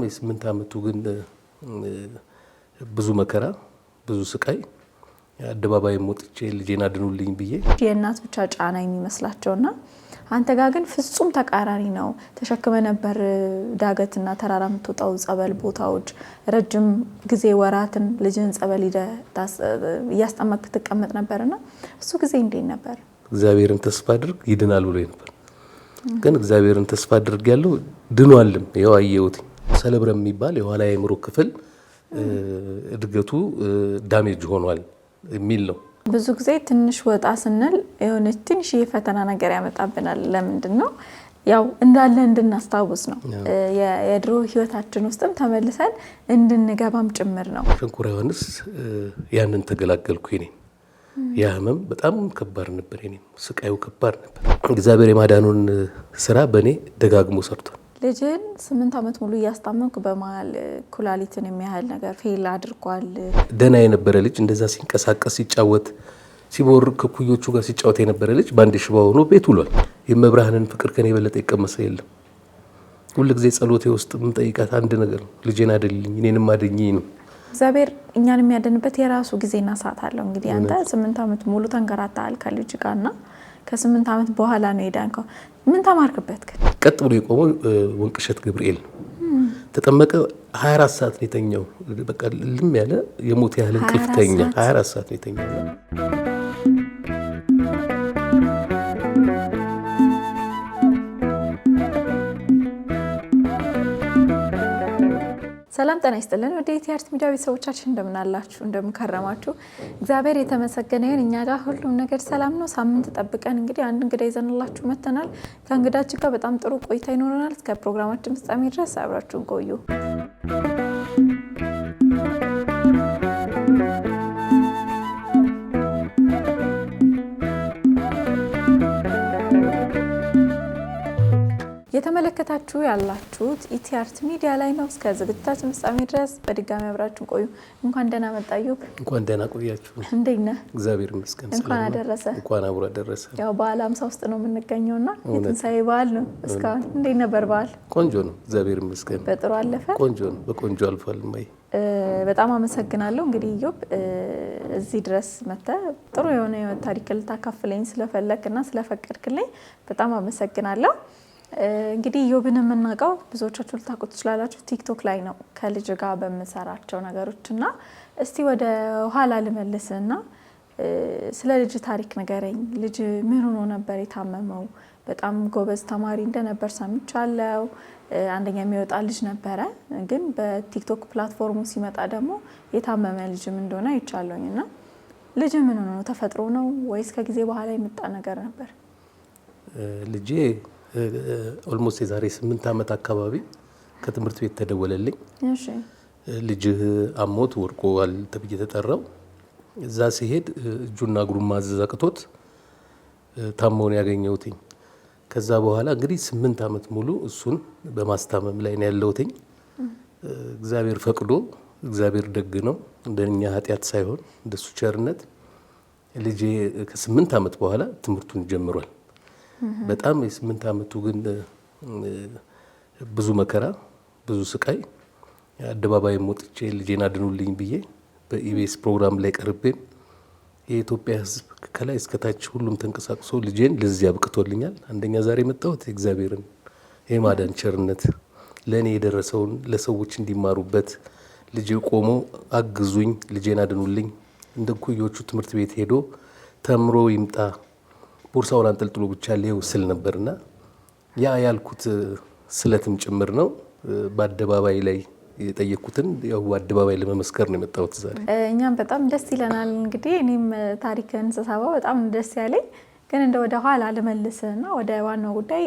የስምንት ዓመቱ ግን ብዙ መከራ ብዙ ስቃይ አደባባይ ሞጥቼ ልጄን አድኑልኝ ብዬ የእናት ብቻ ጫና የሚመስላቸውና አንተ ጋር ግን ፍጹም ተቃራኒ ነው። ተሸክመ ነበር ዳገትና ተራራ የምትወጣው ጸበል ቦታዎች ረጅም ጊዜ ወራትን ልጅን ጸበል እያስጠመቅ ትቀመጥ ነበርና እሱ ጊዜ እንዴት ነበር? እግዚአብሔርን ተስፋ አድርግ ይድናል ብሎ ነበር። ግን እግዚአብሔርን ተስፋ አድርግ ያለው ድኗልም ይኸው ሰለብረም የሚባል የኋላ የአእምሮ ክፍል እድገቱ ዳሜጅ ሆኗል የሚል ነው። ብዙ ጊዜ ትንሽ ወጣ ስንል የሆነች ትንሽ የፈተና ነገር ያመጣብናል። ለምንድን ነው? ያው እንዳለ እንድናስታውስ ነው። የድሮ ህይወታችን ውስጥም ተመልሰን እንድንገባም ጭምር ነው። ሸንኮራ ዮሐንስ ያንን ተገላገልኩ። ኔም ያ ህመም በጣም ከባድ ነበር። ኔም ስቃዩ ከባድ ነበር። እግዚአብሔር የማዳኑን ስራ በእኔ ደጋግሞ ሰርቷል። ልጅን ስምንት ዓመት ሙሉ እያስታመምኩ በመሀል ኩላሊትን የሚያህል ነገር ፌል አድርጓል። ደህና የነበረ ልጅ እንደዛ ሲንቀሳቀስ ሲጫወት ሲቦር ከኩዮቹ ጋር ሲጫወት የነበረ ልጅ በአንድ ሽባ ሆኖ ቤት ውሏል። የመብርሃንን ፍቅር ከኔ የበለጠ ይቀመሰ የለም። ሁል ጊዜ ጸሎቴ ውስጥ የምጠይቃት አንድ ነገር ነው፣ ልጄን አደልኝ፣ እኔንም አደኝ ነው። እግዚአብሔር እኛን የሚያደንበት የራሱ ጊዜና ሰዓት አለው። እንግዲህ አንተ ስምንት ዓመት ሙሉ ተንከራተሃል ከልጅ ጋር እና ከስምንት ዓመት በኋላ ነው የዳንከው። ምን ተማርክበት ግን? ቀጥ ብሎ የቆመው ወንቅሸት ገብርኤል ተጠመቀ። 24 ሰዓት ነው የተኛው። በቃ ልም ያለ የሞት ያህል እንቅልፍ 24 ሰዓት ነው የተኛው። ሰላም ጤና ይስጥልን። ወደ ኢቲአርት ሚዲያ ቤተሰቦቻችን እንደምናላችሁ እንደምንከረማችሁ፣ እግዚአብሔር የተመሰገነ ይሁን። እኛ ጋር ሁሉም ነገር ሰላም ነው። ሳምንት ጠብቀን እንግዲህ አንድ እንግዳ ይዘንላችሁ መጥተናል። ከእንግዳችን ጋር በጣም ጥሩ ቆይታ ይኖረናል። እስከ ፕሮግራማችን ፍጻሜ ድረስ አብራችሁን ቆዩ። የተመለከታችሁ ያላችሁት ኢቲአርት ሚዲያ ላይ ነው። እስከ ዝግጅታችን ፍጻሜ ድረስ በድጋሚ አብራችሁን ቆዩ። እንኳን ደህና መጣዩ። እንኳን ደህና ቆያችሁ። እንዴት ነህ? እግዚአብሔር ይመስገን። እንኳን አደረሰ። እንኳን አብሮ አደረሰ። ያው በዓለ አምሳ ውስጥ ነው የምንገኘው እና የትንሳኤ በዓል ነው። እስካሁን እንዴት ነበር በዓል? ቆንጆ ነው፣ እግዚአብሔር ይመስገን። በጥሩ አለፈ። ቆንጆ ነው፣ በቆንጆ አልፏል። ማይ በጣም አመሰግናለሁ። እንግዲህ ዮብ እዚህ ድረስ መተ ጥሩ የሆነ ታሪክ ልታካፍለኝ ስለፈለግና ስለፈቀድክልኝ በጣም አመሰግናለሁ። እንግዲህ ዮብን የምናውቀው ብዙዎቻችሁ ልታውቁ ትችላላችሁ፣ ቲክቶክ ላይ ነው ከልጅ ጋር በምሰራቸው ነገሮች እና እስቲ ወደ ኋላ ልመልስ ልመልስና ስለ ልጅ ታሪክ ንገረኝ። ልጅ ምን ሆኖ ነበር የታመመው? በጣም ጎበዝ ተማሪ እንደነበር ሰምቻለው አንደኛ የሚወጣ ልጅ ነበረ፣ ግን በቲክቶክ ፕላትፎርሙ ሲመጣ ደግሞ የታመመ ልጅም እንደሆነ አይቻለኝ እና ልጅ ምን ሆኖ ነው? ተፈጥሮ ነው ወይስ ከጊዜ በኋላ የመጣ ነገር ነበር? ልጄ ኦልሞስት የዛሬ ስምንት ዓመት አካባቢ ከትምህርት ቤት ተደወለልኝ። ልጅህ አሞት ወድቋል ተብዬ ተጠራው። እዛ ሲሄድ እጁና እግሩን ማዘዝ አቅቶት ታመውን ያገኘውትኝ። ከዛ በኋላ እንግዲህ ስምንት ዓመት ሙሉ እሱን በማስታመም ላይ ነው ያለውትኝ። እግዚአብሔር ፈቅዶ እግዚአብሔር ደግ ነው፣ እንደኛ ኃጢአት ሳይሆን እንደሱ ቸርነት ልጄ ከስምንት ዓመት በኋላ ትምህርቱን ጀምሯል። በጣም የስምንት ዓመቱ ግን ብዙ መከራ፣ ብዙ ስቃይ አደባባይ ሞጥቼ ልጄን አድኑልኝ ብዬ በኢቢኤስ ፕሮግራም ላይ ቀርቤም የኢትዮጵያ ሕዝብ ከላይ እስከታች ሁሉም ተንቀሳቅሶ ልጄን ለዚህ አብቅቶልኛል። አንደኛ ዛሬ መጣሁት እግዚአብሔርን የማዳን ቸርነት ለእኔ የደረሰውን ለሰዎች እንዲማሩበት ልጄ ቆሞ አግዙኝ፣ ልጄን አድኑልኝ እንደ ኩዮቹ ትምህርት ቤት ሄዶ ተምሮ ይምጣ ቦርሳውን አንጠልጥሎ ብቻ ሊው ስል ነበርና ያ ያልኩት ስለትም ጭምር ነው። በአደባባይ ላይ የጠየቅኩትን ያው አደባባይ ለመመስከር ነው የመጣሁት ዛሬ። እኛም በጣም ደስ ይለናል። እንግዲህ እኔም ታሪክን ስሰባው በጣም ደስ ያለኝ ግን እንደ ወደ ኋላ ልመልስና ወደ ዋናው ጉዳይ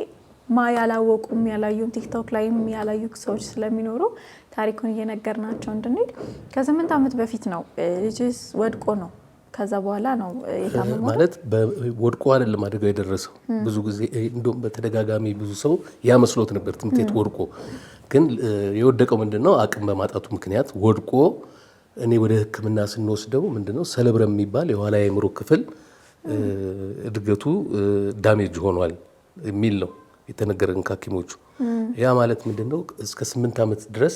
ማ ያላወቁም ያላዩም ቲክቶክ ላይም ያላዩ ሰዎች ስለሚኖሩ ታሪኩን እየነገርናቸው እንድንሄድ ከስምንት ዓመት በፊት ነው ልጅ ወድቆ ነው ከዛ በኋላ ነው ማለት ወድቆ አይደለም አደጋው የደረሰው። ብዙ ጊዜ እንደውም በተደጋጋሚ ብዙ ሰው ያመስሎት ነበር ትምህርት ቤት ወድቆ። ግን የወደቀው ምንድነው አቅም በማጣቱ ምክንያት ወድቆ እኔ ወደ ሕክምና ስንወስደው ምንድነው ሰለብረ ሰለብረም የሚባል የኋላ የአእምሮ ክፍል እድገቱ ዳሜጅ ሆኗል የሚል ነው የተነገረን ከሐኪሞቹ። ያ ማለት ምንድነው ነው እስከ ስምንት ዓመት ድረስ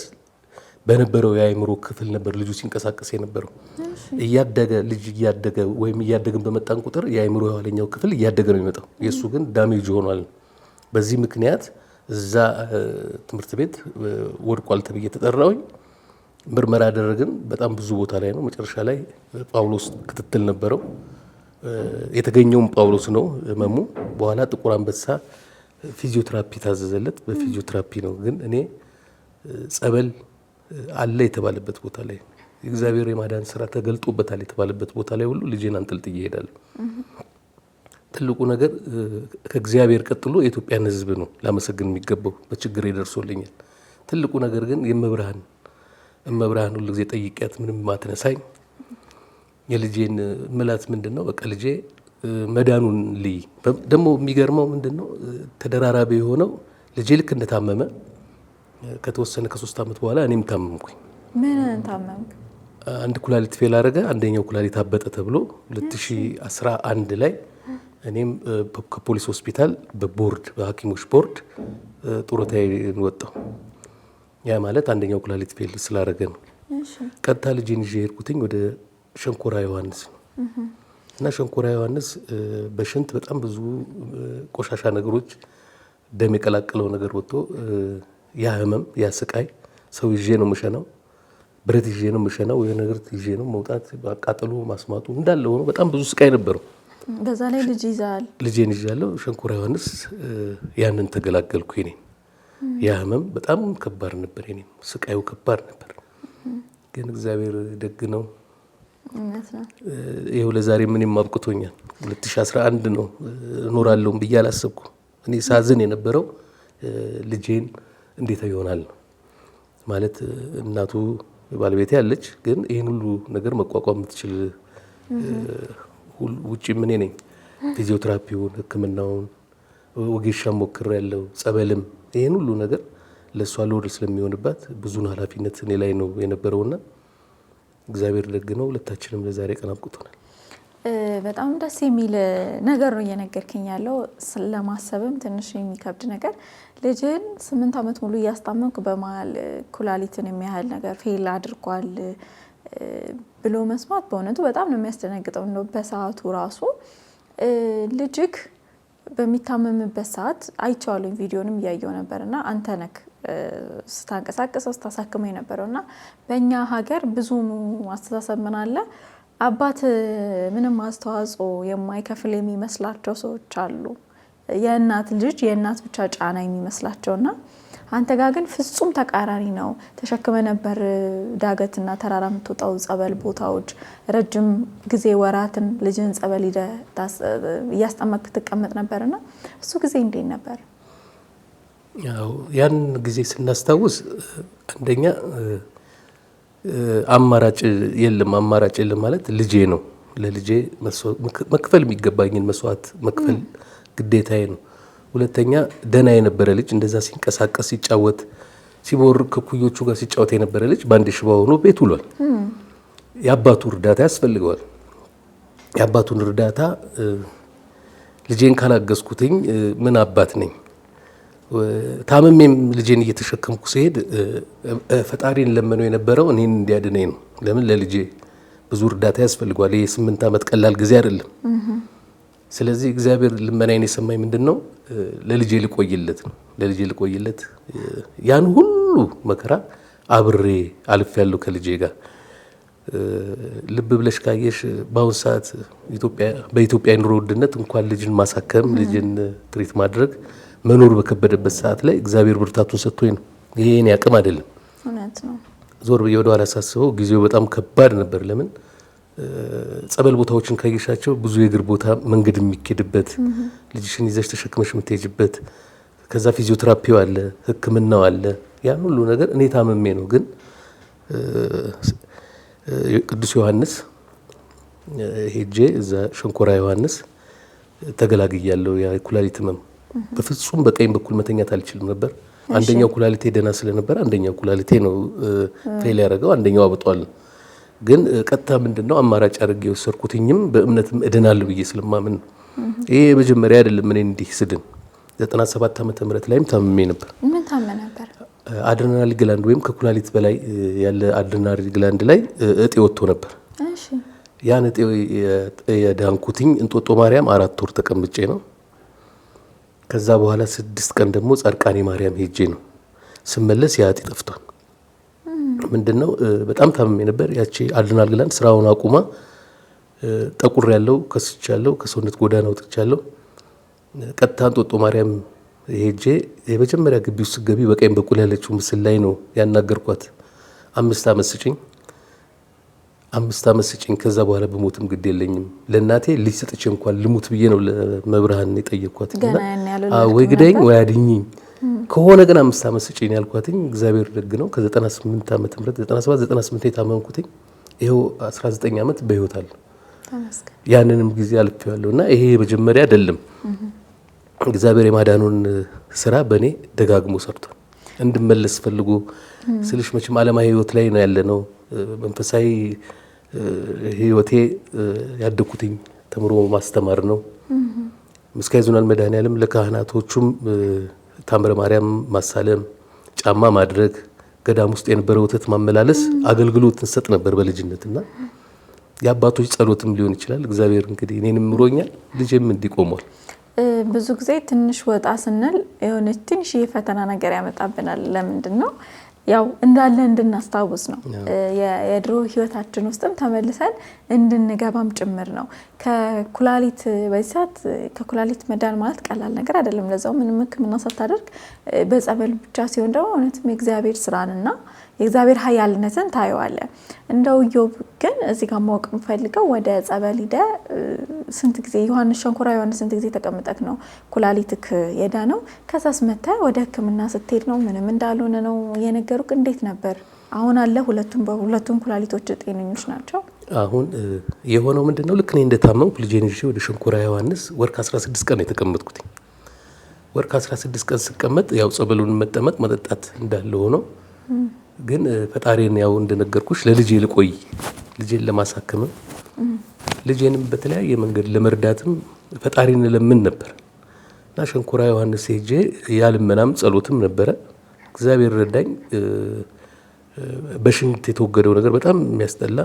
በነበረው የአእምሮ ክፍል ነበር ልጁ ሲንቀሳቀስ የነበረው። እያደገ ልጅ እያደገ ወይም እያደግን በመጣን ቁጥር የአእምሮ የኋለኛው ክፍል እያደገ ነው የሚመጣው። የእሱ ግን ዳሜጅ ሆኗል። በዚህ ምክንያት እዛ ትምህርት ቤት ወድቋል ተብዬ ተጠራሁኝ። ምርመራ ያደረግን በጣም ብዙ ቦታ ላይ ነው። መጨረሻ ላይ ጳውሎስ ክትትል ነበረው። የተገኘውም ጳውሎስ ነው ህመሙ። በኋላ ጥቁር አንበሳ ፊዚዮትራፒ ታዘዘለት። በፊዚዮትራፒ ነው ግን እኔ ጸበል አለ የተባለበት ቦታ ላይ እግዚአብሔር የማዳን ስራ ተገልጦበታል የተባለበት ቦታ ላይ ሁሉ ልጄን አንጥልጥ እየሄዳል። ትልቁ ነገር ከእግዚአብሔር ቀጥሎ የኢትዮጵያን ሕዝብ ነው ላመሰግን የሚገባው በችግር ደርሶልኛል። ትልቁ ነገር ግን የመብርሃን እመብርሃን ሁሉ ጊዜ ጠይቂያት ምንም ማትነሳኝ የልጄን ምላት ምንድን ነው በቃ ልጄ መዳኑን ልይ ደግሞ የሚገርመው ምንድን ነው ተደራራቢ የሆነው ልጄ ልክ እንደታመመ ከተወሰነ ከሶስት ዓመት በኋላ እኔም ታመምኩኝ። ምን ታመምኩ? አንድ ኩላሊት ፌል አደረገ፣ አንደኛው ኩላሊት አበጠ ተብሎ 2011 ላይ እኔም ከፖሊስ ሆስፒታል በቦርድ በሐኪሞች ቦርድ ጡረታ ወጣሁ። ያ ማለት አንደኛው ኩላሊት ፌል ስላደረገ ነው። ቀጥታ ልጄን ይዤ የሄድኩትኝ ወደ ሸንኮራ ዮሐንስ ነው እና ሸንኮራ ዮሐንስ በሽንት በጣም ብዙ ቆሻሻ ነገሮች፣ ደም የቀላቀለው ነገር ወጥቶ ያ ህመም፣ ያ ስቃይ ሰው ይዤ ነው የምሸነው፣ ብረት ይዤ ነው የምሸነው፣ ወይ ነገር ይዤ ነው መውጣት፣ ማቃጠሉ፣ ማስማጡ እንዳለ ሆኖ በጣም ብዙ ስቃይ ነበረው። በዛ ላይ ልጅ ይዛል፣ ልጄን ይዣለሁ። ሸንኮራ ዮሐንስ ያንን ተገላገልኩ። ይኔ ያ ህመም በጣም ከባድ ነበር፣ የኔ ስቃዩ ከባድ ነበር። ግን እግዚአብሔር ደግ ነው። ይኸው ለዛሬ ምንም አብቅቶኛል። 2011 ነው እኖራለሁም ብዬ አላሰብኩም። እኔ ሳዝን የነበረው ልጄን እንዴት ይሆናል ነው ማለት እናቱ ባለቤቴ ያለች ግን ይህን ሁሉ ነገር መቋቋም የምትችል ውጭ ምን ነኝ። ፊዚዮትራፒውን ህክምናውን ወጌሻ ሞክር ያለው ጸበልም፣ ይህን ሁሉ ነገር ለእሷ ሎድ ስለሚሆንባት ብዙን ኃላፊነት እኔ ላይ ነው የነበረውና እግዚአብሔር ደግ ነው። ሁለታችንም ለዛሬ ቀን አብቅቶናል። በጣም ደስ የሚል ነገር ነው እየነገርክኝ ያለው። ለማሰብም ትንሽ የሚከብድ ነገር ልጅን ስምንት ዓመት ሙሉ እያስታመምክ በመሀል ኩላሊትን የሚያህል ነገር ፌል አድርጓል ብሎ መስማት በእውነቱ በጣም ነው የሚያስደነግጠው። እንደው በሰዓቱ ራሱ ልጅክ በሚታመምበት ሰዓት አይቼዋለሁኝ፣ ቪዲዮንም እያየው ነበር እና አንተ ነክ ስታንቀሳቀሰው ስታሳክመው የነበረው እና በእኛ ሀገር ብዙ አስተሳሰብ ምን አለ አባት ምንም አስተዋጽኦ የማይከፍል የሚመስላቸው ሰዎች አሉ። የእናት ልጅ የእናት ብቻ ጫና የሚመስላቸውና አንተ ጋር ግን ፍጹም ተቃራኒ ነው። ተሸክመ ነበር ዳገትና ተራራ የምትወጣው ጸበል ቦታዎች ረጅም ጊዜ ወራትን ልጅን ጸበል እያስጠመቅ ትቀመጥ እና። እሱ ጊዜ እንዴት ነበር? ያን ጊዜ ስናስታውስ አንደኛ አማራጭ የለም አማራጭ የለም ማለት ልጄ ነው። ለልጄ መክፈል የሚገባኝን መስዋዕት መክፈል ግዴታዬ ነው። ሁለተኛ ደና የነበረ ልጅ እንደዛ ሲንቀሳቀስ ሲጫወት ሲቦር ከኩዮቹ ጋር ሲጫወት የነበረ ልጅ በአንድ ሽባ ሆኖ ቤት ውሏል። የአባቱ እርዳታ ያስፈልገዋል። የአባቱን እርዳታ ልጄን ካላገዝኩትኝ ምን አባት ነኝ? ታመሜም ልጄን እየተሸከምኩ ሲሄድ ፈጣሪን ለመነው የነበረው እኔን እንዲያድነኝ ነው። ለምን ለልጄ ብዙ እርዳታ ያስፈልጓል። ስምንት ዓመት ቀላል ጊዜ አይደለም። ስለዚህ እግዚአብሔር ልመናዬን የሰማኝ ምንድን ነው? ለልጄ ልቆይለት ነው። ለልጄ ልቆይለት ያን ሁሉ መከራ አብሬ አልፍ ያለው ከልጄ ጋር። ልብ ብለሽ ካየሽ በአሁኑ ሰዓት በኢትዮጵያ የኑሮ ውድነት እንኳን ልጅን ማሳከም ልጅን ትሪት ማድረግ መኖር በከበደበት ሰዓት ላይ እግዚአብሔር ብርታቱን ሰጥቶኝ ነው። ይሄ የኔ አቅም አይደለም። ዞር ብዬ ኋላ ሳስበው ጊዜው በጣም ከባድ ነበር። ለምን ጸበል ቦታዎችን ካየሻቸው ብዙ የእግር ቦታ መንገድ የሚኬድበት ልጅሽን ይዘሽ ተሸክመሽ የምትሄጅበት ከዛ ፊዚዮትራፒው አለ፣ ሕክምናው አለ። ያን ሁሉ ነገር እኔ ታመሜ ነው። ግን ቅዱስ ዮሐንስ ሄጄ እዛ ሸንኮራ ዮሐንስ ተገላግያለሁ። የኩላሊት ህመም በፍጹም በቀኝ በኩል መተኛት አልችልም ነበር። አንደኛው ኩላሊቴ ደህና ስለነበረ አንደኛው ኩላሊቴ ነው ፌል ያደረገው፣ አንደኛው አብጧል። ግን ቀጥታ ምንድነው አማራጭ አድርጌ የወሰድኩትኝም በእምነትም እድናል ብዬ ስለማምን ነው። ይሄ የመጀመሪያ አይደለም። እኔ እንዲህ ስድን ዘጠና ሰባት ዓመተ ምህረት ላይም ታምሜ ነበር። ምን ታመ ነበር? አድሬናል ግላንድ ወይም ከኩላሊት በላይ ያለ አድሬናል ግላንድ ላይ እጤ ወጥቶ ነበር። ያን እጤ የዳንኩትኝ እንጦጦ ማርያም አራት ወር ተቀምጬ ነው ከዛ በኋላ ስድስት ቀን ደግሞ ጻድቃኔ ማርያም ሄጄ ነው ስመለስ የአጤ ጠፍቷል። ምንድነው በጣም ታምሜ ነበር። ያቺ አድናል ስራውን አቁማ ጠቁር ያለው ከስች ያለው ከሰውነት ጎዳና ወጥች ያለው ቀጥታ እንጦጦ ማርያም ሄጄ የመጀመሪያ ግቢ ውስጥ ገቢ በቀኝ በኩል ያለችው ምስል ላይ ነው ያናገርኳት። አምስት አመት ስጭኝ አምስት ዓመት ስጭኝ፣ ከዛ በኋላ ብሞትም ግድ የለኝም። ለእናቴ ልጅ ሰጥቼ እንኳን ልሙት ብዬ ነው ለመብርሃን የጠየቅኳት። ወይ ግደኝ ወይ አድኝኝ ከሆነ ግን አምስት ዓመት ስጭኝ ያልኳትኝ። እግዚአብሔር ደግ ነው። ከ98 ዓመት ምት 97 98 የታመምኩትኝ ይኸው 19 ዓመት በህይወት አለ። ያንንም ጊዜ አልፌዋለሁ እና ይሄ መጀመሪያ አይደለም። እግዚአብሔር የማዳኑን ስራ በእኔ ደጋግሞ ሰርቷል። እንድመለስ ፈልጎ ስልሽ መቼም ዓለማዊ ህይወት ላይ ነው ያለ ነው መንፈሳዊ ህይወቴ ያደኩትኝ ተምሮ ማስተማር ነው። ምስካየ ኅዙናን መድኃኔዓለም ለካህናቶቹም ታምረ ማርያም ማሳለም፣ ጫማ ማድረግ፣ ገዳም ውስጥ የነበረ ወተት ማመላለስ አገልግሎት እንሰጥ ነበር በልጅነት እና የአባቶች ጸሎትም ሊሆን ይችላል። እግዚአብሔር እንግዲህ እኔንም ምሮኛል ልጅም እንዲቆሟል። ብዙ ጊዜ ትንሽ ወጣ ስንል የሆነች ትንሽ የፈተና ነገር ያመጣብናል። ለምንድን ነው ያው እንዳለ እንድናስታውስ ነው። የድሮ ህይወታችን ውስጥም ተመልሰን እንድንገባም ጭምር ነው። ከኩላሊት በዚህ ሰዓት ከኩላሊት መዳን ማለት ቀላል ነገር አይደለም። ለዛው ምንም ህክምና ሳታደርግ በጸበል ብቻ ሲሆን ደግሞ እውነትም የእግዚአብሔር ስራንና የእግዚአብሔር ኃያልነትን ታየዋለ እንደው ዮብ ግን እዚህ ጋር ማወቅ የምፈልገው ወደ ጸበል ሂደህ ስንት ጊዜ ዮሐንስ ሸንኮራ ዮሐንስ ስንት ጊዜ ተቀምጠክ ነው ኩላሊትክ የዳ ነው? ከዛስ መተ ወደ ህክምና ስትሄድ ነው ምንም እንዳልሆነ ነው የነገሩክ? እንዴት ነበር? አሁን አለ ሁለቱም በሁለቱም ኩላሊቶች ጤነኞች ናቸው። አሁን የሆነው ምንድን ነው? ልክ እኔ እንደታመምኩ ልጄን ይዤ ወደ ሸንኮራ ዮሐንስ ወር ከ16 ቀን የተቀመጥኩት ወር ከ16 ቀን ስቀመጥ ያው ጸበሉን መጠመቅ መጠጣት እንዳለ ሆኖ ግን ፈጣሪን ያው እንደነገርኩሽ ለልጄ ልቆይ ልጄን ለማሳከምም ልጄንም በተለያየ መንገድ ለመርዳትም ፈጣሪን ለምን ነበር እና ሸንኮራ ዮሐንስ ሄጄ ያልመናም ጸሎትም ነበረ። እግዚአብሔር ረዳኝ። በሽንት የተወገደው ነገር በጣም የሚያስጠላ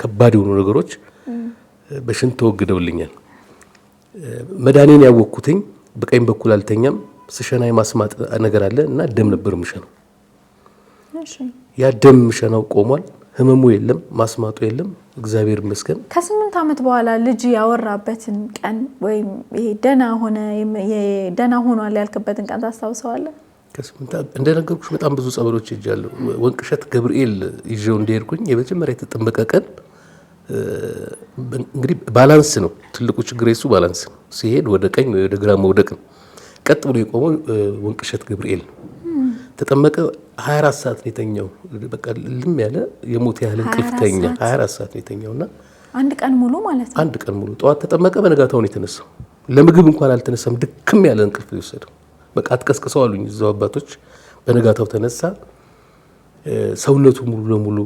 ከባድ የሆኑ ነገሮች በሽንት ተወግደውልኛል። መዳኔን ያወቅኩትኝ በቀኝ በኩል አልተኛም፣ ስሸና የማስማጥ ነገር አለ እና ደም ነበር ምሸ ነው ያደም ሸናው ቆሟል። ህመሙ የለም፣ ማስማጡ የለም። እግዚአብሔር ይመስገን። ከስምንት ዓመት በኋላ ልጅ ያወራበትን ቀን ወይም ደና ሆነ ሆኗል ያልክበትን ቀን ታስታውሰዋለህ? እንደነገርኩሽ በጣም ብዙ ጸበሎች ይጃለሁ። ወንቅሸት ገብርኤል ይዤው እንደሄድኩኝ የመጀመሪያ የተጠመቀ ቀን እንግዲህ ባላንስ ነው ትልቁ ችግር፣ የሱ ባላንስ ነው። ሲሄድ ወደ ቀኝ ወደ ግራ መውደቅ ነው። ቀጥ ብሎ የቆመው ወንቅሸት ገብርኤል ተጠመቀ። ሀያ አራት ሰዓት ነው የተኛው። በቃ ልም ያለ የሞት ያህል እንቅልፍ ተኛ። ሀያ አራት ሰዓት ነው የተኛው እና አንድ ቀን ሙሉ ማለት ነው። አንድ ቀን ሙሉ ጠዋት ተጠመቀ፣ በነጋታው ነው የተነሳው። ለምግብ እንኳን አልተነሳም። ድክም ያለ እንቅልፍ የወሰደው በቃ አትቀስቅሰው አሉኝ እዛው አባቶች። በነጋታው ተነሳ። ሰውነቱ ሙሉ ለሙሉ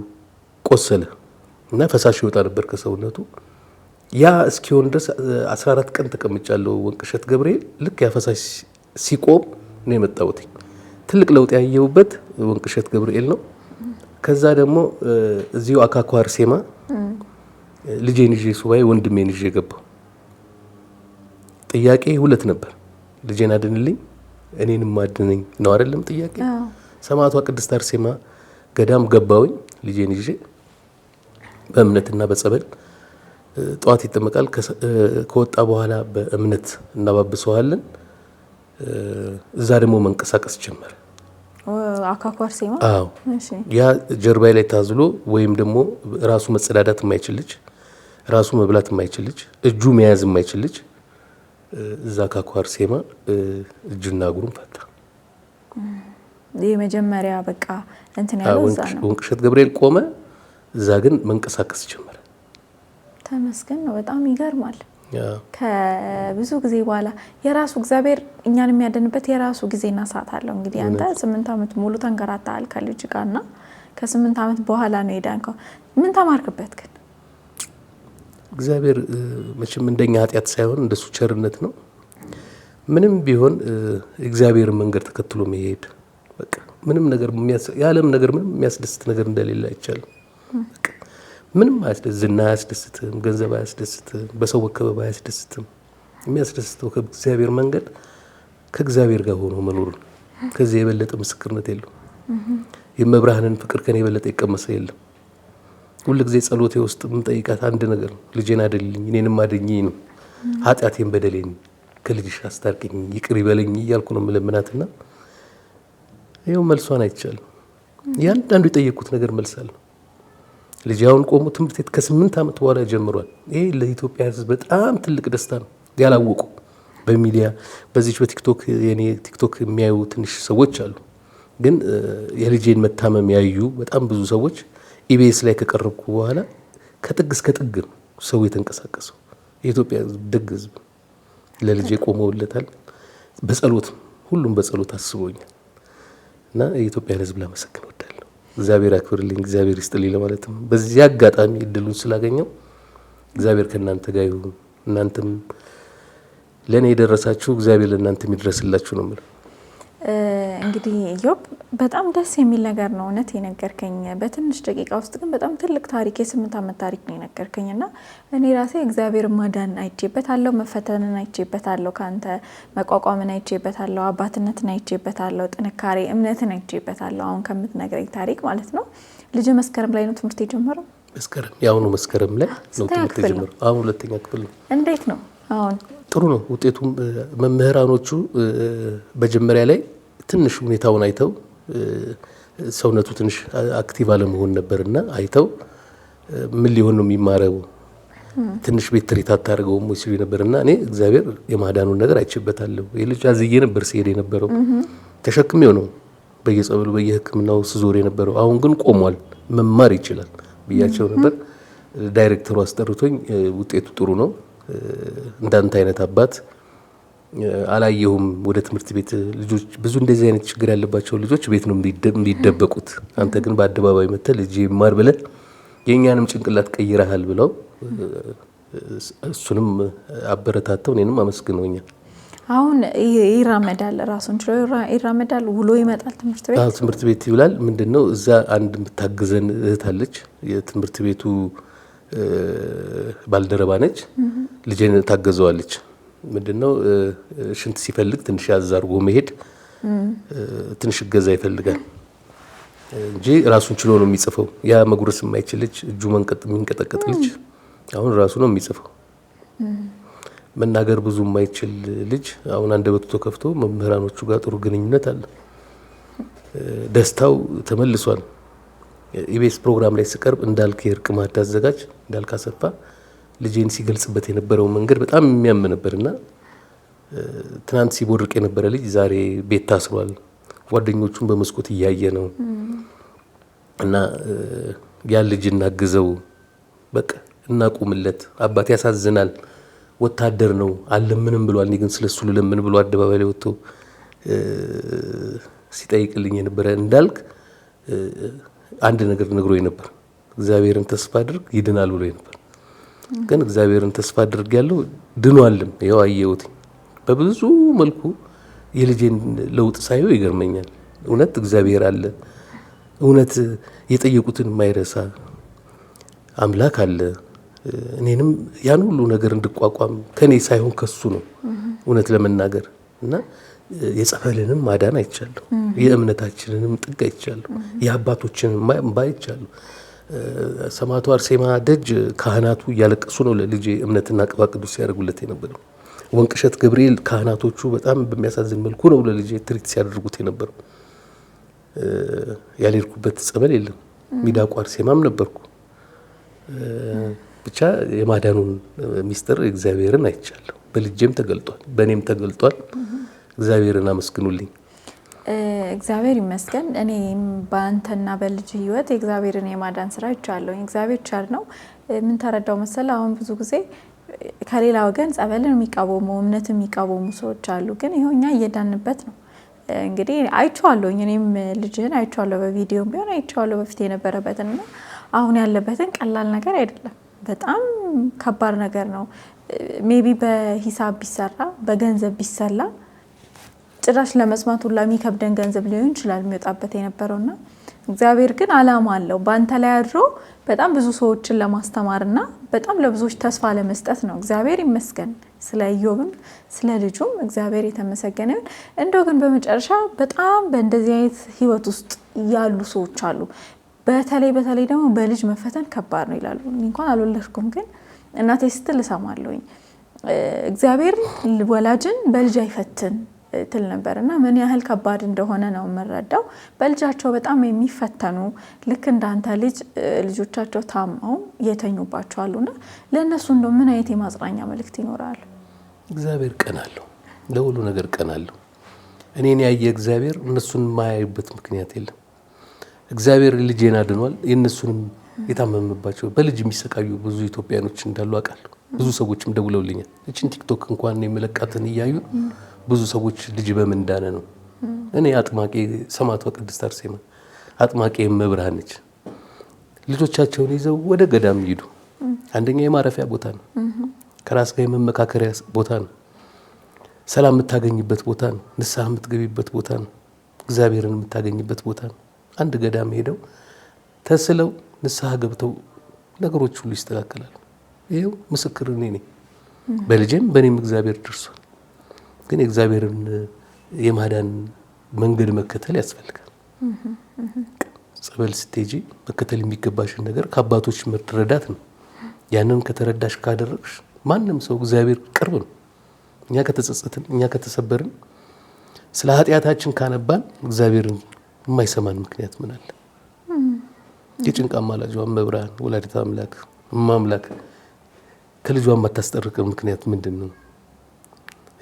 ቆሰለ እና ፈሳሽ ይወጣ ነበር ከሰውነቱ። ያ እስኪሆን ድረስ 14 ቀን ተቀምጫለሁ ወንቅ እሸት ገብርኤል። ልክ ያ ፈሳሽ ሲቆም ነው የመጣሁት። ትልቅ ለውጥ ያየውበት ወንቅሸት ገብርኤል ነው። ከዛ ደግሞ እዚሁ አካኳር ሴማ ልጄን ይዤ ሱባኤ ወንድሜን ይዤ ገባው። ጥያቄ ሁለት ነበር። ልጄን አድንልኝ እኔንም አድነኝ ነው አይደለም ጥያቄ። ሰማዕቷ ቅድስት አርሴማ ገዳም ገባውኝ ልጄን ይዤ በእምነትና በጸበል ጠዋት ይጠመቃል። ከወጣ በኋላ በእምነት እናባብሰዋለን። እዛ ደግሞ መንቀሳቀስ ጀመረ። አካኳር ሴማ ያ ጀርባይ ላይ ታዝሎ ወይም ደግሞ ራሱ መጸዳዳት የማይችል ልጅ ራሱ መብላት የማይችል ልጅ እጁ መያዝ የማይችል ልጅ እዛ አካኳር ሴማ እጁና እግሩን ፈታ። የመጀመሪያ በቃ እንትን ያለው እዛ ገብርኤል ቆመ። እዛ ግን መንቀሳቀስ ጀመረ። ተመስገን ነው። በጣም ይገርማል። ከብዙ ጊዜ በኋላ የራሱ እግዚአብሔር እኛን የሚያደንበት የራሱ ጊዜና ሰዓት አለው። እንግዲህ አንተ ስምንት ዓመት ሙሉ ተንገራታል ከልጅ ጋር እና ከስምንት ዓመት በኋላ ነው የዳንከው። ምን ተማርክበት ግን? እግዚአብሔር መቼም እንደኛ ኃጢአት ሳይሆን እንደሱ ቸርነት ነው። ምንም ቢሆን እግዚአብሔር መንገድ ተከትሎ መሄድ ምንም ነገር የዓለም ነገር ምንም የሚያስደስት ነገር እንደሌለ አይቻልም። ምንም ዝና አያስደስትም፣ ገንዘብ አያስደስትም፣ በሰው መከበብ አያስደስትም። የሚያስደስተው ከእግዚአብሔር መንገድ ከእግዚአብሔር ጋር ሆኖ መኖር ነው። ከዚህ የበለጠ ምስክርነት የለም። የመብርሃንን ፍቅር ከኔ የበለጠ የቀመሰ የለም። ሁልጊዜ ጸሎቴ ውስጥ የምጠይቃት አንድ ነገር ነው። ልጄን አደልኝ፣ እኔንም አደኝ ነው። ኃጢአቴን፣ በደሌን ከልጅሽ አስታርቅኝ፣ ይቅር ይበለኝ እያልኩ ነው የምለምናትና ይኸው መልሷን አይቻልም። ያንዳንዱ የጠየቅኩት ነገር መልሳለሁ። ልጅ አሁን ቆሞ ትምህርት ቤት ከስምንት ዓመት በኋላ ጀምሯል። ይሄ ለኢትዮጵያ ሕዝብ በጣም ትልቅ ደስታ ነው። ያላወቁ በሚዲያ በዚች በቲክቶክ የኔ ቲክቶክ የሚያዩ ትንሽ ሰዎች አሉ። ግን የልጄን መታመም ያዩ በጣም ብዙ ሰዎች ኢቢኤስ ላይ ከቀረብኩ በኋላ ከጥግ እስከ ጥግ ነው ሰው የተንቀሳቀሰው። የኢትዮጵያ ሕዝብ ደግ ሕዝብ ለልጄ ቆመውለታል። በጸሎት ሁሉም በጸሎት አስቦኛል እና የኢትዮጵያን ሕዝብ ላመሰግን ወዳል እግዚአብሔር ያክብርልኝ፣ እግዚአብሔር ይስጥልኝ ለማለት ነው። በዚህ አጋጣሚ እድሉን ስላገኘው እግዚአብሔር ከእናንተ ጋር ይሁን። እናንተም ለእኔ የደረሳችሁ እግዚአብሔር ለእናንተ የሚደረስላችሁ ነው የምለው። እንግዲህ ኢዮብ በጣም ደስ የሚል ነገር ነው እውነት የነገርከኝ። በትንሽ ደቂቃ ውስጥ ግን በጣም ትልቅ ታሪክ፣ የስምንት ዓመት ታሪክ ነው የነገርከኝ እና እኔ ራሴ እግዚአብሔር ማዳን አይቼበታለሁ፣ መፈተንን አይቼበታለሁ፣ ከአንተ መቋቋምን አይቼበታለሁ፣ አባትነትን አይቼበታለሁ፣ ጥንካሬ እምነትን አይቼበታለሁ። አሁን ከምትነግረኝ ታሪክ ማለት ነው። ልጅ መስከረም ላይ ነው ትምህርት የጀመረው። መስከረም የአሁኑ መስከረም ላይ ነው ትምህርት የጀመረው። አሁን ሁለተኛ ክፍል ነው። እንዴት ነው ጥሩ ነው ውጤቱም። መምህራኖቹ መጀመሪያ ላይ ትንሽ ሁኔታውን አይተው ሰውነቱ ትንሽ አክቲቭ አለመሆን ነበር እና አይተው ምን ሊሆን ነው የሚማረው ትንሽ ቤት ትሬት አታደርገውም ወይ ሲሉ ነበር እና እኔ እግዚአብሔር የማዳኑን ነገር አይችበታለሁ። ልጅ አዝዬ ነበር ሲሄድ የነበረው ተሸክሜው ነው በየጸበሉ በየሕክምናው ስዞር የነበረው አሁን ግን ቆሟል፣ መማር ይችላል ብያቸው ነበር። ዳይሬክተሩ አስጠርቶኝ ውጤቱ ጥሩ ነው እንዳንተ አይነት አባት አላየሁም። ወደ ትምህርት ቤት ልጆች ብዙ እንደዚህ አይነት ችግር ያለባቸው ልጆች ቤት ነው የሚደበቁት። አንተ ግን በአደባባይ መጥተህ ልጅ ይማር ብለህ የእኛንም ጭንቅላት ቀይረሃል ብለው እሱንም አበረታተው እኔንም አመስግነውኛል። አሁን ይራመዳል፣ ራሱን ችሎ ይራመዳል፣ ውሎ ይመጣል ትምህርት ቤት ትምህርት ቤት ይውላል። ምንድን ነው እዛ አንድ የምታግዘን እህት አለች የትምህርት ቤቱ ባልደረባ ነች። ልጄን ታገዘዋለች። ምንድነው ሽንት ሲፈልግ ትንሽ ያዝ አድርጎ መሄድ ትንሽ እገዛ ይፈልጋል እንጂ ራሱን ችሎ ነው የሚጽፈው። ያ መጉረስ የማይችል ልጅ፣ እጁ የሚንቀጠቀጥ ልጅ አሁን ራሱ ነው የሚጽፈው። መናገር ብዙ የማይችል ልጅ አሁን አንደበቱ ተከፍቶ መምህራኖቹ ጋር ጥሩ ግንኙነት አለ። ደስታው ተመልሷል። ኢቢኤስ ፕሮግራም ላይ ስቀርብ እንዳልክ የእርቅ ማዕድ አዘጋጅ እንዳልክ አሰፋ ልጄን ሲገልጽበት የነበረው መንገድ በጣም የሚያም ነበርና ትናንት ሲቦርቅ የነበረ ልጅ ዛሬ ቤት ታስሯል፣ ጓደኞቹን በመስኮት እያየ ነው እና ያን ልጅ እናግዘው፣ በቃ እናቁምለት፣ አባት ያሳዝናል፣ ወታደር ነው አለምንም ብሏል። እኔ ግን ስለሱ ልለምን ብሎ አደባባይ ላይ ወጥቶ ሲጠይቅልኝ የነበረ እንዳልክ አንድ ነገር ነግሮ ነበር። እግዚአብሔርን ተስፋ አድርግ ይድናል ብሎ ነበር። ግን እግዚአብሔርን ተስፋ አድርግ ያለው ድኗልም። ይኸው አየሁት። በብዙ መልኩ የልጄን ለውጥ ሳየው ይገርመኛል። እውነት እግዚአብሔር አለ። እውነት የጠየቁትን ማይረሳ አምላክ አለ። እኔንም ያን ሁሉ ነገር እንድቋቋም ከኔ ሳይሆን ከሱ ነው እውነት ለመናገር እና የጸበልንም ማዳን አይቻለሁ። የእምነታችንንም ጥግ አይቻሉ፣ የአባቶችንም እምባ አይቻለሁ። አርሴማ ደጅ ካህናቱ እያለቀሱ ነው ለልጅ እምነትና አቅባ ቅዱስ ሲያደርጉለት የነበረው። ወንቅሸት ገብርኤል ካህናቶቹ በጣም በሚያሳዝን መልኩ ነው ለልጅ ትርኢት ሲያደርጉት የነበረው። ያልሄድኩበት ጸበል የለም። ሚዳቁ አርሴማም ነበርኩ። ብቻ የማዳኑን ሚስጥር እግዚአብሔርን አይቻለሁ። በልጄም ተገልጧል፣ በእኔም ተገልጧል። እግዚአብሔርን አመስግኑልኝ። እግዚአብሔር ይመስገን። እኔም በአንተና በልጅ ህይወት የእግዚአብሔርን የማዳን ስራ ይቻለሁኝ። እግዚአብሔር ቻል ነው። የምንተረዳው መሰለ አሁን ብዙ ጊዜ ከሌላ ወገን ጸበልን የሚቃወሙ እምነት የሚቃወሙ ሰዎች አሉ። ግን ይኸው እኛ እየዳንበት ነው። እንግዲህ አይቼዋለሁኝ። እኔም ልጅህን አይቼዋለሁ፣ በቪዲዮም ቢሆን አይቼዋለሁ በፊት የነበረበትን እና አሁን ያለበትን ቀላል ነገር አይደለም። በጣም ከባድ ነገር ነው። ሜቢ በሂሳብ ቢሰራ በገንዘብ ቢሰላ ጭራሽ ለመስማት ሁላ የሚከብደን ገንዘብ ሊሆን ይችላል የሚወጣበት ና እግዚአብሔር ግን አላማ አለው በአንተ ላይ አድሮ በጣም ብዙ ሰዎችን ለማስተማርና በጣም ለብዙዎች ተስፋ ለመስጠት ነው። እግዚአብሔር ይመስገን ስለ ኢዮብም ስለ ልጁም እግዚአብሔር የተመሰገነ ይሁን። እንደው ግን በመጨረሻ በጣም በእንደዚህ አይነት ህይወት ውስጥ ያሉ ሰዎች አሉ። በተለይ በተለይ ደግሞ በልጅ መፈተን ከባድ ነው ይላሉ። እንኳን አልወለድኩም ግን እናቴ ስትል እሰማለሁኝ። እግዚአብሔር ወላጅን በልጅ አይፈትን ትል ነበር እና ምን ያህል ከባድ እንደሆነ ነው የምረዳው በልጃቸው በጣም የሚፈተኑ ልክ እንዳንተ ልጅ ልጆቻቸው ታመው የተኙባቸው አሉና ለእነሱ እንደ ምን አይነት የማጽናኛ መልእክት ይኖራል? እግዚአብሔር ቀናለሁ፣ ለሁሉ ነገር ቀናለሁ። እኔን ያየ እግዚአብሔር እነሱን የማያዩበት ምክንያት የለም። እግዚአብሔር ልጄን አድኗል። የእነሱንም የታመምባቸው በልጅ የሚሰቃዩ ብዙ ኢትዮጵያኖች እንዳሉ አውቃለሁ። ብዙ ሰዎችም ደውለውልኛል። እችን ቲክቶክ እንኳን የመለቃትን እያዩ ብዙ ሰዎች ልጅ በምንዳነ ነው። እኔ አጥማቄ ሰማዕቷ ቅድስት አርሴማ አጥማቄ መብርሃን ነች። ልጆቻቸውን ይዘው ወደ ገዳም ይሄዱ። አንደኛ የማረፊያ ቦታ ነው። ከራስ ጋር የመመካከሪያ ቦታ ነው። ሰላም የምታገኝበት ቦታ ነው። ንስሐ የምትገቢበት ቦታ ነው። እግዚአብሔርን የምታገኝበት ቦታ ነው። አንድ ገዳም ሄደው ተስለው ንስሐ ገብተው ነገሮች ሁሉ ይስተካከላሉ። ይኸው ምስክር እኔ ነኝ። በልጄም በእኔም እግዚአብሔር ደርሷል። ግን የእግዚአብሔርን የማዳን መንገድ መከተል ያስፈልጋል። ጸበል ስቴጂ መከተል የሚገባሽን ነገር ከአባቶች መረዳት ነው። ያንን ከተረዳሽ ካደረግሽ ማንም ሰው እግዚአብሔር ቅርብ ነው። እኛ ከተጸጸትን፣ እኛ ከተሰበርን፣ ስለ ኃጢአታችን ካነባን እግዚአብሔርን የማይሰማን ምክንያት ምን አለ? የጭንቅ አማላጇ መብርሃን ወላዲተ አምላክ እማምላክ ከልጇ የማታስጠርቅ ምክንያት ምንድን ነው?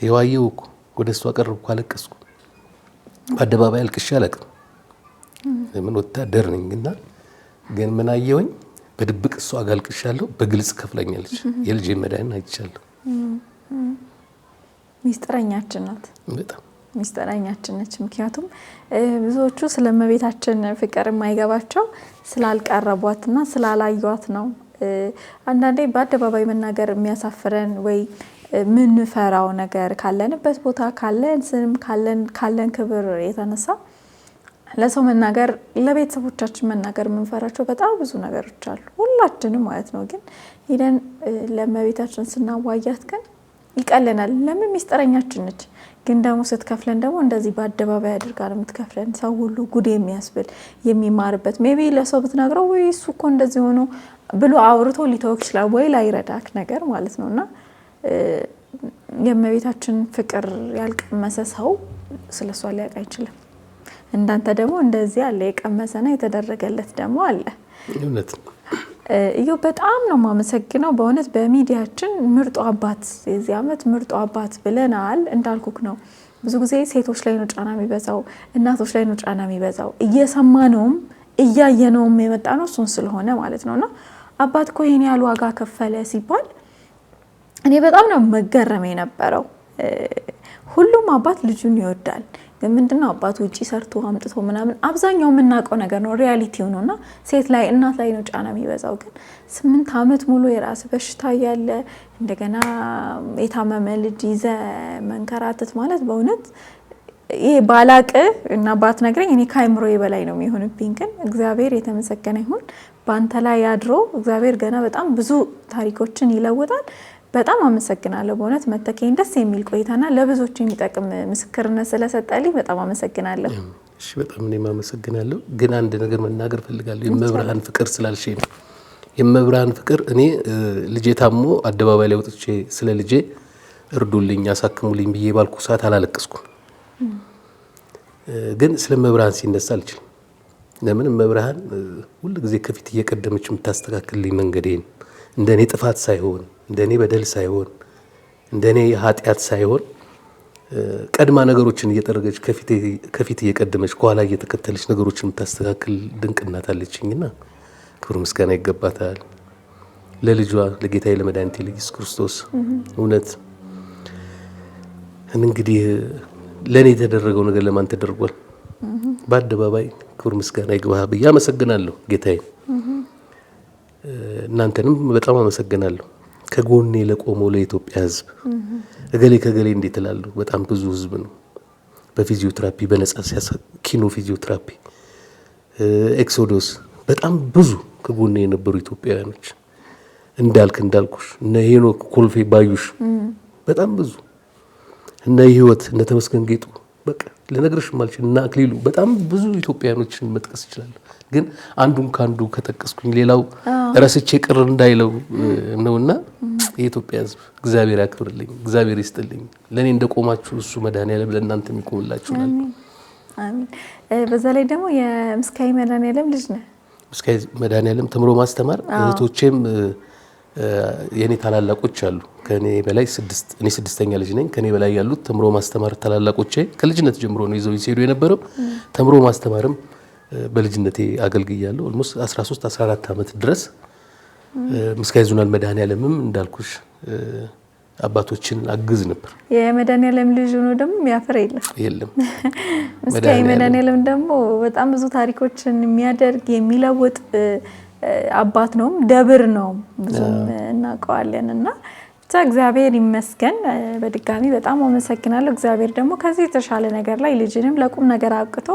የዋየው እኮ ወደ እሱ አቀርብኩ፣ አለቀስኩ። በአደባባይ አልቅሼ አላቅም። ለምን ወታደር ነኝ እና ግን ምን አየውኝ? በድብቅ እሷ ጋር አልቅሻለሁ፣ በግልጽ ከፍላኛለች። የልጅ መድኃኒን አይቻለሁ። ሚስጥረኛችን ናት፣ በጣም ሚስጥረኛችን ነች። ምክንያቱም ብዙዎቹ ስለ እመቤታችን ፍቅር የማይገባቸው ስላልቀረቧትና ስላላዩት ነው። አንዳንዴ በአደባባይ መናገር የሚያሳፍረን ወይ ምንፈራው ነገር ካለንበት ቦታ ካለን ስም ካለን ክብር የተነሳ ለሰው መናገር ለቤተሰቦቻችን መናገር የምንፈራቸው በጣም ብዙ ነገሮች አሉ፣ ሁላችንም ማለት ነው። ግን ሄደን ለመቤታችን ስናዋያት ግን ይቀለናል። ለምን ሚስጥረኛችን ነች። ግን ደግሞ ስትከፍለን ደግሞ እንደዚህ በአደባባይ አድርጋ ነው የምትከፍለን። ሰው ሁሉ ጉድ የሚያስብል የሚማርበት ሜቢ ለሰው ብትነግረው ወይ እሱ እኮ እንደዚህ ሆኖ ብሎ አውርቶ ሊተወክ ይችላል ወይ ላይረዳክ ነገር ማለት ነው እና የእመቤታችን ፍቅር ያልቀመሰ ሰው ስለ እሷ ሊያውቅ አይችልም። እንዳንተ ደግሞ እንደዚህ አለ የቀመሰና የተደረገለት ደግሞ አለ። እዩ በጣም ነው የማመሰግነው በእውነት በሚዲያችን ምርጡ አባት የዚህ ዓመት ምርጡ አባት ብለናል። እንዳልኩክ ነው ብዙ ጊዜ ሴቶች ላይ ነው ጫና የሚበዛው፣ እናቶች ላይ ነው ጫና የሚበዛው። እየሰማነውም እያየነውም የመጣ ነው እሱን ስለሆነ ማለት ነው እና አባት እኮ ይህን ያህል ዋጋ ከፈለ ሲባል እኔ በጣም ነው መገረም የነበረው። ሁሉም አባት ልጁን ይወዳል። ምንድነው አባት ውጭ ሰርቶ አምጥቶ ምናምን አብዛኛው የምናውቀው ነገር ነው፣ ሪያሊቲው ነው እና ሴት ላይ እናት ላይ ነው ጫና የሚበዛው። ግን ስምንት ዓመት ሙሉ የራስ በሽታ ያለ እንደገና የታመመ ልጅ ይዘ መንከራተት ማለት በእውነት ይሄ ባላቅ እና ባት ነግረኝ እኔ ከአይምሮ በላይ ነው የሚሆንብኝ። ግን እግዚአብሔር የተመሰገነ ይሁን በአንተ ላይ ያድሮ እግዚአብሔር ገና በጣም ብዙ ታሪኮችን ይለውጣል። በጣም አመሰግናለሁ። በእውነት መተኬኝ ደስ የሚል ቆይታና ለብዙዎች የሚጠቅም ምስክርነት ስለሰጠልኝ በጣም አመሰግናለሁ። እሺ፣ በጣም እኔም አመሰግናለሁ። ግን አንድ ነገር መናገር ፈልጋለሁ። የመብርሃን ፍቅር ስላልሽ ነው። የመብርሃን ፍቅር እኔ ልጄ ታሞ አደባባይ ላይ ወጥቼ ስለ ልጄ እርዱልኝ፣ አሳክሙልኝ ብዬ ባልኩ ሰዓት አላለቀስኩም። ግን ስለ መብርሃን ሲነሳ አልችልም። ለምን መብርሃን ሁልጊዜ ከፊት እየቀደመች የምታስተካክልልኝ መንገዴን እንደ እኔ ጥፋት ሳይሆን እንደ እኔ በደል ሳይሆን እንደ እኔ ኃጢአት ሳይሆን ቀድማ ነገሮችን እየጠረገች ከፊት እየቀደመች ከኋላ እየተከተለች ነገሮችን የምታስተካክል ድንቅ እናት አለችኝና ክብር ምስጋና ይገባታል። ለልጇ ለጌታዬ ለመድኃኒቴ ለኢየሱስ ክርስቶስ እውነት እንግዲህ ለእኔ የተደረገው ነገር ለማን ተደርጓል? በአደባባይ ክብር ምስጋና ይግባህ ብዬ አመሰግናለሁ ጌታዬን። እናንተንም በጣም አመሰግናለሁ። ከጎኔ ለቆመው ለኢትዮጵያ ህዝብ እገሌ ከገሌ እንዴት እላሉ። በጣም ብዙ ህዝብ ነው በፊዚዮትራፒ በነጻ ሲያሳ ኪኖ ፊዚዮትራፒ፣ ኤክሶዶስ በጣም ብዙ ከጎኔ የነበሩ ኢትዮጵያውያኖች እንዳልክ እንዳልኩሽ እነ ሄኖክ ኮልፌ ባዩሽ በጣም ብዙ እነ ህይወት እነ ተመስገን ጌጡ በቃ ልነግርሽ ማልች እና አክሊሉ በጣም ብዙ ኢትዮጵያውያኖችን መጥቀስ ይችላል። ግን አንዱን ከአንዱ ከጠቀስኩኝ ሌላው ረስቼ ቅር እንዳይለው ነውና የኢትዮጵያ ሕዝብ እግዚአብሔር ያክብርልኝ፣ እግዚአብሔር ይስጥልኝ። ለእኔ እንደቆማችሁ እሱ መድኃኒዓለም ለእናንተ የሚቆምላችሁናል። በዛ ላይ ደግሞ የምስካየ መድኃኒዓለም ልጅ ነህ። ምስካየ መድኃኒዓለም ተምሮ ማስተማር እህቶቼም የኔ ታላላቆች አሉ። ከኔ በላይ ስድስት እኔ ስድስተኛ ልጅ ነኝ። ከኔ በላይ ያሉት ተምሮ ማስተማር ታላላቆቼ ከልጅነት ጀምሮ ነው ይዘው ሲሄዱ የነበረው። ተምሮ ማስተማርም በልጅነቴ አገልግያለሁ። ኦልሞስት 13 14 ዓመት ድረስ ምስካየ ኅዙናን መድኃኔዓለምም እንዳልኩሽ አባቶችን አግዝ ነበር። የመድኃኔዓለም ልጅ ሆኖ ደግሞ የሚያፍር የለም የለም። ምስካየ መድኃኔዓለም ደግሞ በጣም ብዙ ታሪኮችን የሚያደርግ የሚለውጥ አባት ነውም ደብር ነውም ብዙም እናውቀዋለን እና ብቻ እግዚአብሔር ይመስገን። በድጋሚ በጣም አመሰግናለሁ። እግዚአብሔር ደግሞ ከዚህ የተሻለ ነገር ላይ ልጅንም ለቁም ነገር አብቅቶ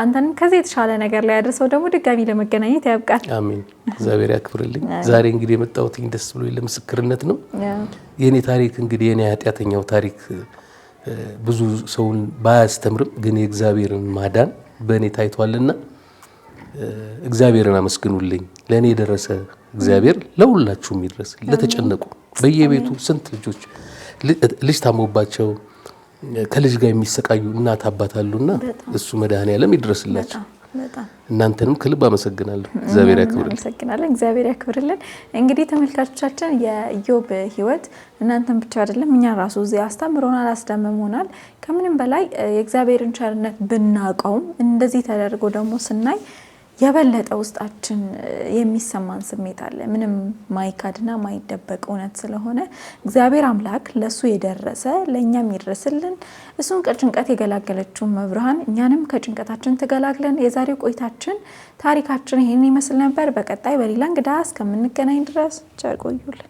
አንተንም ከዚህ የተሻለ ነገር ላይ ያደርሰው ደግሞ ድጋሚ ለመገናኘት ያብቃል። አሜን። እግዚአብሔር ያክብርልኝ። ዛሬ እንግዲህ የመጣሁትኝ ደስ ብሎ ለምስክርነት ነው። የእኔ ታሪክ እንግዲህ የኔ ኃጢአተኛው ታሪክ ብዙ ሰውን ባያስተምርም ግን የእግዚአብሔርን ማዳን በእኔ ታይቷልና እግዚአብሔርን አመስግኑልኝ። ለእኔ የደረሰ እግዚአብሔር ለሁላችሁም ይድረስ። ለተጨነቁ በየቤቱ ስንት ልጆች ልጅ ታሞባቸው ከልጅ ጋር የሚሰቃዩ እናት አባት አሉና እሱ መድኃኔዓለም ይድረስላቸው። እናንተንም ከልብ አመሰግናለሁ። እግዚአብሔር ያክብርልን። አመሰግናለን። እግዚአብሔር ያክብርልን። እንግዲህ ተመልካቾቻችን የኢዮብ ሕይወት እናንተን ብቻ አይደለም እኛ ራሱ እዚህ አስተምሮናል፣ አስደምሞናል። ከምንም በላይ የእግዚአብሔርን ቸርነት ብናውቀውም እንደዚህ ተደርጎ ደግሞ ስናይ የበለጠ ውስጣችን የሚሰማን ስሜት አለ። ምንም ማይካድና ማይደበቅ እውነት ስለሆነ እግዚአብሔር አምላክ ለእሱ የደረሰ ለእኛም ይድረስልን። እሱን ከጭንቀት የገላገለችውን መብርሃን እኛንም ከጭንቀታችን ትገላግለን። የዛሬው ቆይታችን ታሪካችን ይህን ይመስል ነበር። በቀጣይ በሌላ እንግዳ እስከምንገናኝ ድረስ ቸር ቆዩልን።